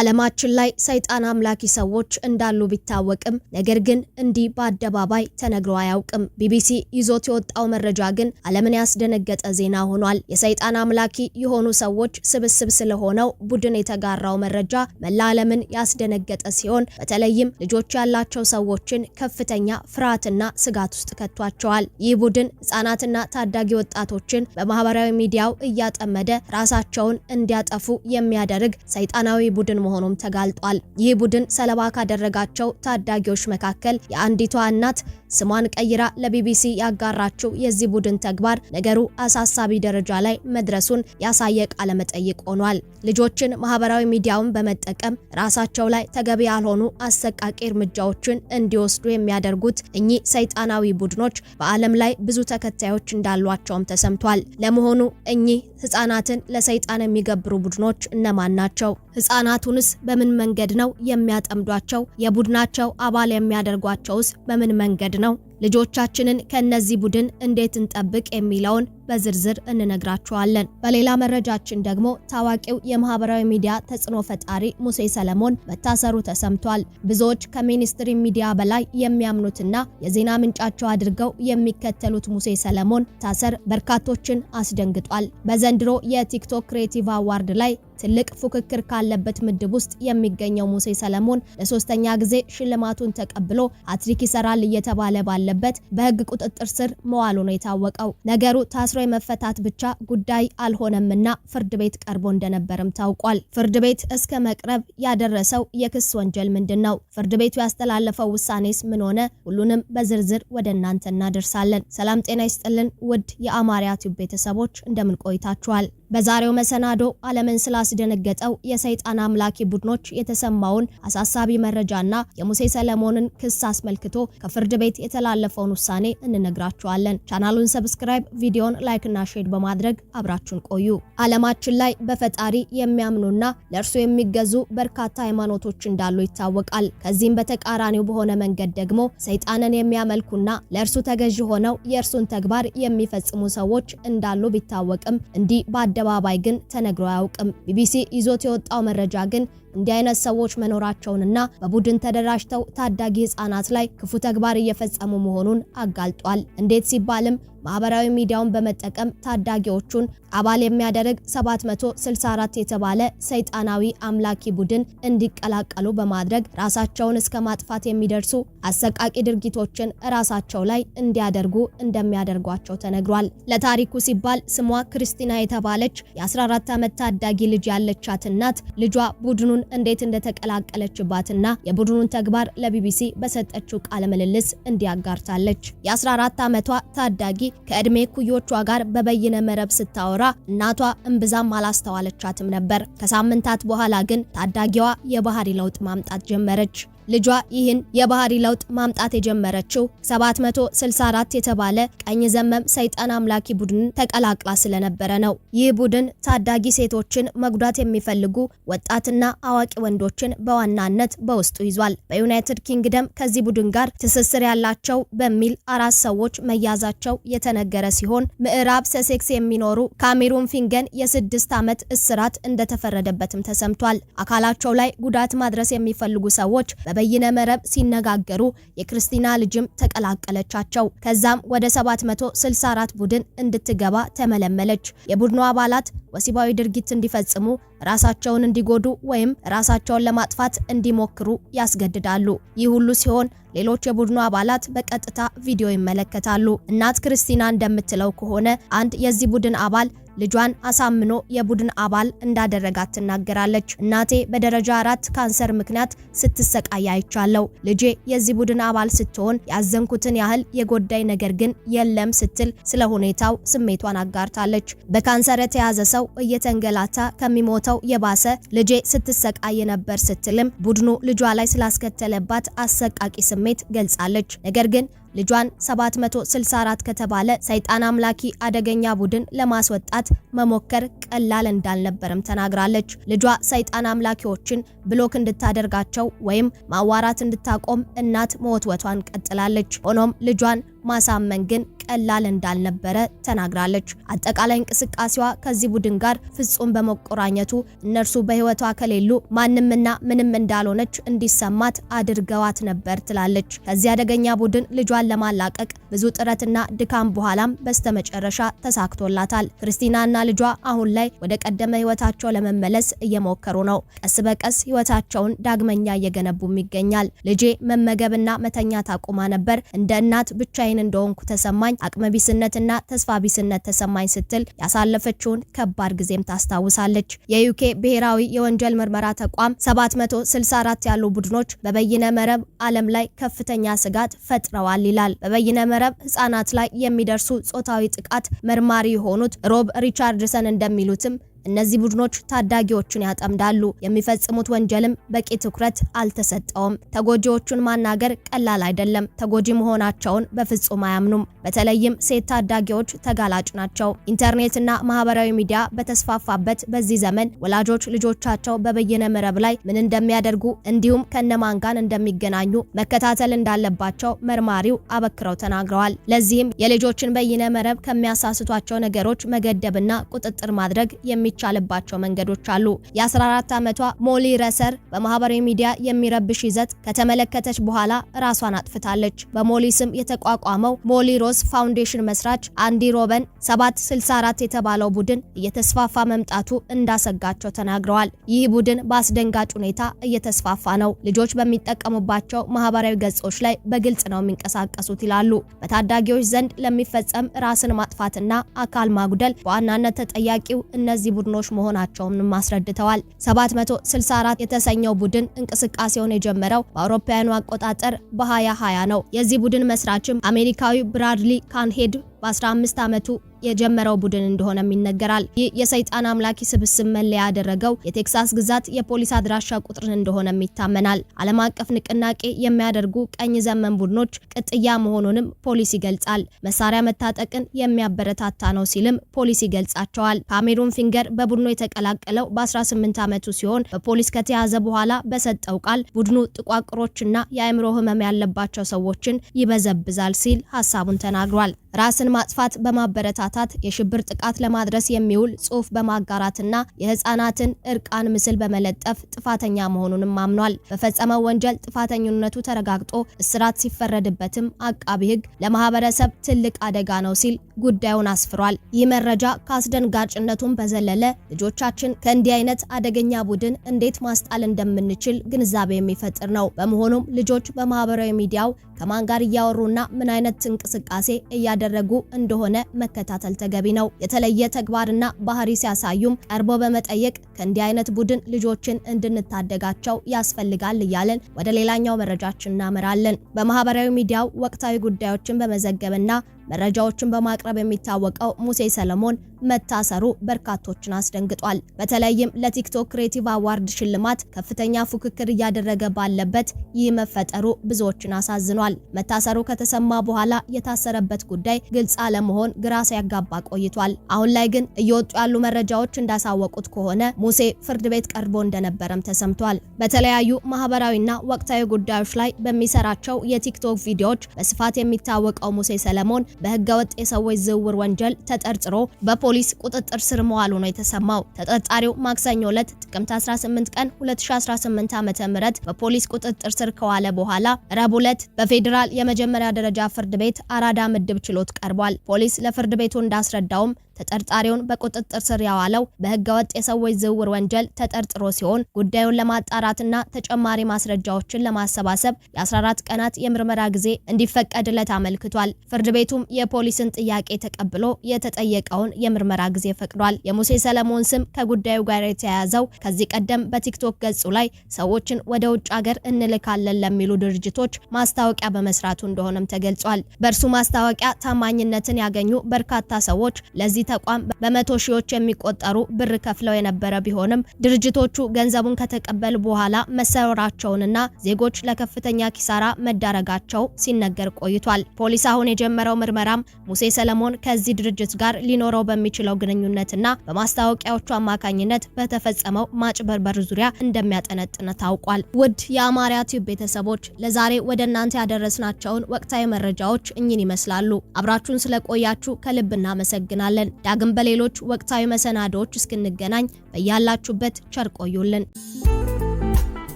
ዓለማችን ላይ ሰይጣን አምላኪ ሰዎች እንዳሉ ቢታወቅም ነገር ግን እንዲህ በአደባባይ ተነግሮ አያውቅም። ቢቢሲ ይዞት የወጣው መረጃ ግን ዓለምን ያስደነገጠ ዜና ሆኗል። የሰይጣን አምላኪ የሆኑ ሰዎች ስብስብ ስለሆነው ቡድን የተጋራው መረጃ መላ ዓለምን ያስደነገጠ ሲሆን በተለይም ልጆች ያላቸው ሰዎችን ከፍተኛ ፍርሃትና ስጋት ውስጥ ከቷቸዋል። ይህ ቡድን ህጻናትና ታዳጊ ወጣቶችን በማህበራዊ ሚዲያው እያጠመደ ራሳቸውን እንዲያጠፉ የሚያደርግ ሰይጣናዊ ቡድን መሆኑም ተጋልጧል። ይህ ቡድን ሰለባ ካደረጋቸው ታዳጊዎች መካከል የአንዲቷ እናት ስሟን ቀይራ ለቢቢሲ ያጋራችው የዚህ ቡድን ተግባር ነገሩ አሳሳቢ ደረጃ ላይ መድረሱን ያሳየ ቃለ መጠይቅ ሆኗል። ልጆችን ማህበራዊ ሚዲያውን በመጠቀም ራሳቸው ላይ ተገቢ ያልሆኑ አሰቃቂ እርምጃዎችን እንዲወስዱ የሚያደርጉት እኚህ ሰይጣናዊ ቡድኖች በዓለም ላይ ብዙ ተከታዮች እንዳሏቸውም ተሰምቷል። ለመሆኑ እኚህ ህጻናትን ለሰይጣን የሚገብሩ ቡድኖች እነማን ናቸው? ህጻናቱንስ በምን መንገድ ነው የሚያጠምዷቸው? የቡድናቸው አባል የሚያደርጓቸውስ በምን መንገድ ነው? ልጆቻችንን ከነዚህ ቡድን እንዴት እንጠብቅ የሚለውን በዝርዝር እንነግራችኋለን። በሌላ መረጃችን ደግሞ ታዋቂው የማህበራዊ ሚዲያ ተጽዕኖ ፈጣሪ ሙሴ ሰለሞን መታሰሩ ተሰምቷል። ብዙዎች ከሚኒስትሪ ሚዲያ በላይ የሚያምኑትና የዜና ምንጫቸው አድርገው የሚከተሉት ሙሴ ሰለሞን ታሰር በርካቶችን አስደንግጧል። በዘንድሮ የቲክቶክ ክሬቲቭ አዋርድ ላይ ትልቅ ፉክክር ካለበት ምድብ ውስጥ የሚገኘው ሙሴ ሰለሞን ለሶስተኛ ጊዜ ሽልማቱን ተቀብሎ ሀትሪክ ይሰራል እየተባለ ባለበት በህግ ቁጥጥር ስር መዋሉ ነው የታወቀው። ነገሩ ታስሮ የመፈታት ብቻ ጉዳይ አልሆነምና ፍርድ ቤት ቀርቦ እንደነበርም ታውቋል። ፍርድ ቤት እስከ መቅረብ ያደረሰው የክስ ወንጀል ምንድን ነው? ፍርድ ቤቱ ያስተላለፈው ውሳኔስ ምን ሆነ? ሁሉንም በዝርዝር ወደ እናንተ እናደርሳለን። ሰላም ጤና ይስጥልን ውድ የአማርያ ቲዩብ ቤተሰቦች እንደምን ቆይታችኋል? በዛሬው መሰናዶ ዓለምን ስላስደነገጠው የሰይጣን አምላኪ ቡድኖች የተሰማውን አሳሳቢ መረጃና የሙሴ ሰለሞንን ክስ አስመልክቶ ከፍርድ ቤት የተላለፈውን ውሳኔ እንነግራችኋለን። ቻናሉን ሰብስክራይብ፣ ቪዲዮን ላይክና ሼድ በማድረግ አብራችሁን ቆዩ። ዓለማችን ላይ በፈጣሪ የሚያምኑና ለእርሱ የሚገዙ በርካታ ሃይማኖቶች እንዳሉ ይታወቃል። ከዚህም በተቃራኒው በሆነ መንገድ ደግሞ ሰይጣንን የሚያመልኩና ለእርሱ ተገዢ ሆነው የእርሱን ተግባር የሚፈጽሙ ሰዎች እንዳሉ ቢታወቅም እንዲህ ባደ በአደባባይ ግን ተነግሮ አያውቅም። ቢቢሲ ይዞት የወጣው መረጃ ግን እንዲህ አይነት ሰዎች መኖራቸውንና በቡድን ተደራጅተው ታዳጊ ህጻናት ላይ ክፉ ተግባር እየፈጸሙ መሆኑን አጋልጧል። እንዴት ሲባልም ማህበራዊ ሚዲያውን በመጠቀም ታዳጊዎቹን አባል የሚያደርግ 764 የተባለ ሰይጣናዊ አምላኪ ቡድን እንዲቀላቀሉ በማድረግ ራሳቸውን እስከ ማጥፋት የሚደርሱ አሰቃቂ ድርጊቶችን ራሳቸው ላይ እንዲያደርጉ እንደሚያደርጓቸው ተነግሯል። ለታሪኩ ሲባል ስሟ ክርስቲና የተባለች የ14 ዓመት ታዳጊ ልጅ ያለቻት እናት ልጇ ቡድኑን እንዴት እንደተቀላቀለችባትና የቡድኑን ተግባር ለቢቢሲ በሰጠችው ቃለ ምልልስ እንዲያጋርታለች። የ14 ዓመቷ ታዳጊ ከእድሜ ኩዮቿ ጋር በበይነ መረብ ስታወራ እናቷ እምብዛም አላስተዋለቻትም ነበር። ከሳምንታት በኋላ ግን ታዳጊዋ የባህሪ ለውጥ ማምጣት ጀመረች። ልጇ ይህን የባህሪ ለውጥ ማምጣት የጀመረችው 764 የተባለ ቀኝ ዘመም ሰይጣን አምላኪ ቡድንን ተቀላቅላ ስለነበረ ነው። ይህ ቡድን ታዳጊ ሴቶችን መጉዳት የሚፈልጉ ወጣትና አዋቂ ወንዶችን በዋናነት በውስጡ ይዟል። በዩናይትድ ኪንግደም ከዚህ ቡድን ጋር ትስስር ያላቸው በሚል አራት ሰዎች መያዛቸው የተነገረ ሲሆን ምዕራብ ሰሴክስ የሚኖሩ ካሜሩን ፊንገን የስድስት ዓመት እስራት እንደተፈረደበትም ተሰምቷል። አካላቸው ላይ ጉዳት ማድረስ የሚፈልጉ ሰዎች በበይነ መረብ ሲነጋገሩ የክርስቲና ልጅም ተቀላቀለቻቸው። ከዛም ወደ 764 ቡድን እንድትገባ ተመለመለች። የቡድኑ አባላት ወሲባዊ ድርጊት እንዲፈጽሙ፣ ራሳቸውን እንዲጎዱ ወይም ራሳቸውን ለማጥፋት እንዲሞክሩ ያስገድዳሉ። ይህ ሁሉ ሲሆን ሌሎች የቡድኑ አባላት በቀጥታ ቪዲዮ ይመለከታሉ። እናት ክርስቲና እንደምትለው ከሆነ አንድ የዚህ ቡድን አባል ልጇን አሳምኖ የቡድን አባል እንዳደረጋት ትናገራለች። እናቴ በደረጃ አራት ካንሰር ምክንያት ስትሰቃይ አይቻለሁ። ልጄ የዚህ ቡድን አባል ስትሆን ያዘንኩትን ያህል የጎዳይ ነገር ግን የለም ስትል ስለ ሁኔታው ስሜቷን አጋርታለች። በካንሰር የተያዘ ሰው እየተንገላታ ከሚሞተው የባሰ ልጄ ስትሰቃይ ነበር ስትልም ቡድኑ ልጇ ላይ ስላስከተለባት አሰቃቂ ስሜት ገልጻለች። ነገር ግን ልጇን 764 ከተባለ ሰይጣን አምላኪ አደገኛ ቡድን ለማስወጣት መሞከር ቀላል እንዳልነበርም ተናግራለች። ልጇ ሰይጣን አምላኪዎችን ብሎክ እንድታደርጋቸው ወይም ማዋራት እንድታቆም እናት መወትወቷን ቀጥላለች። ሆኖም ልጇን ማሳመን ግን ቀላል እንዳልነበረ ተናግራለች። አጠቃላይ እንቅስቃሴዋ ከዚህ ቡድን ጋር ፍጹም በመቆራኘቱ እነርሱ በህይወቷ ከሌሉ ማንምና ምንም እንዳልሆነች እንዲሰማት አድርገዋት ነበር ትላለች። ከዚህ አደገኛ ቡድን ልጇን ለማላቀቅ ብዙ ጥረትና ድካም በኋላም በስተመጨረሻ ተሳክቶላታል። ክርስቲናና ልጇ አሁን ላይ ወደ ቀደመ ህይወታቸው ለመመለስ እየሞከሩ ነው። ቀስ በቀስ ህይወታቸውን ዳግመኛ እየገነቡም ይገኛል። ልጄ መመገብና መተኛት አቁማ ነበር። እንደ እናት ብቻዬን እንደሆንኩ ተሰማኝ። ተሰማኝ፣ አቅመቢስነትና ተስፋ ቢስነት ተሰማኝ ስትል ያሳለፈችውን ከባድ ጊዜም ታስታውሳለች። የዩኬ ብሔራዊ የወንጀል ምርመራ ተቋም 764 ያሉ ቡድኖች በበይነ መረብ ዓለም ላይ ከፍተኛ ስጋት ፈጥረዋል ይላል። በበይነ መረብ ህጻናት ላይ የሚደርሱ ጾታዊ ጥቃት መርማሪ የሆኑት ሮብ ሪቻርድሰን እንደሚሉትም እነዚህ ቡድኖች ታዳጊዎቹን ያጠምዳሉ። የሚፈጽሙት ወንጀልም በቂ ትኩረት አልተሰጠውም። ተጎጂዎቹን ማናገር ቀላል አይደለም። ተጎጂ መሆናቸውን በፍጹም አያምኑም። በተለይም ሴት ታዳጊዎች ተጋላጭ ናቸው። ኢንተርኔትና ማህበራዊ ሚዲያ በተስፋፋበት በዚህ ዘመን ወላጆች ልጆቻቸው በበየነ መረብ ላይ ምን እንደሚያደርጉ እንዲሁም ከነማን ጋር እንደሚገናኙ መከታተል እንዳለባቸው መርማሪው አበክረው ተናግረዋል። ለዚህም የልጆችን በይነ መረብ ከሚያሳስቷቸው ነገሮች መገደብና ቁጥጥር ማድረግ የሚ የሚቻልባቸው መንገዶች አሉ። የ14 ዓመቷ ሞሊ ረሰር በማህበራዊ ሚዲያ የሚረብሽ ይዘት ከተመለከተች በኋላ ራሷን አጥፍታለች። በሞሊ ስም የተቋቋመው ሞሊ ሮዝ ፋውንዴሽን መስራች አንዲ ሮበን 764 የተባለው ቡድን እየተስፋፋ መምጣቱ እንዳሰጋቸው ተናግረዋል። ይህ ቡድን በአስደንጋጭ ሁኔታ እየተስፋፋ ነው። ልጆች በሚጠቀሙባቸው ማህበራዊ ገጾች ላይ በግልጽ ነው የሚንቀሳቀሱት ይላሉ። በታዳጊዎች ዘንድ ለሚፈጸም ራስን ማጥፋትና አካል ማጉደል በዋናነት ተጠያቂው እነዚህ ቡድኖች መሆናቸውንም አስረድተዋል። 764 የተሰኘው ቡድን እንቅስቃሴውን የጀመረው በአውሮፓውያኑ አቆጣጠር በ2020 ነው። የዚህ ቡድን መስራችም አሜሪካዊ ብራድሊ ካንሄድ በ15 ዓመቱ የጀመረው ቡድን እንደሆነም ይነገራል። ይህ የሰይጣን አምላኪ ስብስብ መለያ ያደረገው የቴክሳስ ግዛት የፖሊስ አድራሻ ቁጥርን እንደሆነም ይታመናል። ዓለም አቀፍ ንቅናቄ የሚያደርጉ ቀኝ ዘመን ቡድኖች ቅጥያ መሆኑንም ፖሊስ ይገልጻል። መሳሪያ መታጠቅን የሚያበረታታ ነው ሲልም ፖሊስ ይገልጻቸዋል። ካሜሩን ፊንገር በቡድኑ የተቀላቀለው በ18 ዓመቱ ሲሆን በፖሊስ ከተያዘ በኋላ በሰጠው ቃል ቡድኑ ጥቋቁሮችና የአእምሮ ህመም ያለባቸው ሰዎችን ይበዘብዛል ሲል ሀሳቡን ተናግሯል። ራስን ማጥፋት በማበረታታት የሽብር ጥቃት ለማድረስ የሚውል ጽሁፍ በማጋራትና የህፃናትን እርቃን ምስል በመለጠፍ ጥፋተኛ መሆኑንም አምኗል። በፈጸመው ወንጀል ጥፋተኝነቱ ተረጋግጦ እስራት ሲፈረድበትም አቃቢ ህግ ለማህበረሰብ ትልቅ አደጋ ነው ሲል ጉዳዩን አስፍሯል። ይህ መረጃ ከአስደንጋጭነቱም በዘለለ ልጆቻችን ከእንዲህ አይነት አደገኛ ቡድን እንዴት ማስጣል እንደምንችል ግንዛቤ የሚፈጥር ነው። በመሆኑም ልጆች በማህበራዊ ሚዲያው ከማን ጋር እያወሩና ምን አይነት እንቅስቃሴ እያደረጉ እንደሆነ መከታተል ተገቢ ነው። የተለየ ተግባርና ባህሪ ሲያሳዩም ቀርቦ በመጠየቅ ከእንዲህ አይነት ቡድን ልጆችን እንድንታደጋቸው ያስፈልጋል እያለን ወደ ሌላኛው መረጃችን እናመራለን። በማህበራዊ ሚዲያው ወቅታዊ ጉዳዮችን በመዘገብና መረጃዎችን በማቅረብ የሚታወቀው ሙሴ ሰለሞን መታሰሩ በርካቶችን አስደንግጧል። በተለይም ለቲክቶክ ክሬቲቭ አዋርድ ሽልማት ከፍተኛ ፉክክር እያደረገ ባለበት ይህ መፈጠሩ ብዙዎችን አሳዝኗል። መታሰሩ ከተሰማ በኋላ የታሰረበት ጉዳይ ግልጽ አለመሆን ግራ ሲያጋባ ቆይቷል። አሁን ላይ ግን እየወጡ ያሉ መረጃዎች እንዳሳወቁት ከሆነ ሙሴ ፍርድ ቤት ቀርቦ እንደነበረም ተሰምቷል። በተለያዩ ማህበራዊና ወቅታዊ ጉዳዮች ላይ በሚሰራቸው የቲክቶክ ቪዲዮዎች በስፋት የሚታወቀው ሙሴ ሰለሞን በህገወጥ የሰዎች ዝውውር ወንጀል ተጠርጥሮ በፖ ፖሊስ ቁጥጥር ስር መዋሉ ነው የተሰማው። ተጠርጣሪው ማክሰኞ ዕለት ጥቅምት 18 ቀን 2018 ዓ.ም በፖሊስ ቁጥጥር ስር ከዋለ በኋላ ረቡዕ ዕለት በፌዴራል የመጀመሪያ ደረጃ ፍርድ ቤት አራዳ ምድብ ችሎት ቀርቧል። ፖሊስ ለፍርድ ቤቱ እንዳስረዳውም ተጠርጣሪውን በቁጥጥር ስር ያዋለው በህገወጥ የሰዎች ዝውውር ወንጀል ተጠርጥሮ ሲሆን ጉዳዩን ለማጣራትና ተጨማሪ ማስረጃዎችን ለማሰባሰብ የ14 ቀናት የምርመራ ጊዜ እንዲፈቀድለት አመልክቷል። ፍርድ ቤቱም የፖሊስን ጥያቄ ተቀብሎ የተጠየቀውን የምርመራ ጊዜ ፈቅዷል። የሙሴ ሰለሞን ስም ከጉዳዩ ጋር የተያያዘው ከዚህ ቀደም በቲክቶክ ገጹ ላይ ሰዎችን ወደ ውጭ ሀገር እንልካለን ለሚሉ ድርጅቶች ማስታወቂያ በመስራቱ እንደሆነም ተገልጿል። በእርሱ ማስታወቂያ ታማኝነትን ያገኙ በርካታ ሰዎች ለዚህ ለዚህ ተቋም በመቶ ሺዎች የሚቆጠሩ ብር ከፍለው የነበረ ቢሆንም ድርጅቶቹ ገንዘቡን ከተቀበሉ በኋላ መሰወራቸውንና ዜጎች ለከፍተኛ ኪሳራ መዳረጋቸው ሲነገር ቆይቷል። ፖሊስ አሁን የጀመረው ምርመራም ሙሴ ሰለሞን ከዚህ ድርጅት ጋር ሊኖረው በሚችለው ግንኙነትና በማስታወቂያዎቹ አማካኝነት በተፈጸመው ማጭበርበር ዙሪያ እንደሚያጠነጥነ ታውቋል። ውድ የአማርያ ቲዩብ ቤተሰቦች ለዛሬ ወደ እናንተ ያደረስናቸውን ወቅታዊ መረጃዎች እኚህን ይመስላሉ። አብራችሁን ስለቆያችሁ ከልብ እናመሰግናለን። ዳግም በሌሎች ወቅታዊ መሰናዶዎች እስክንገናኝ በያላችሁበት ቸር ቆዩልን።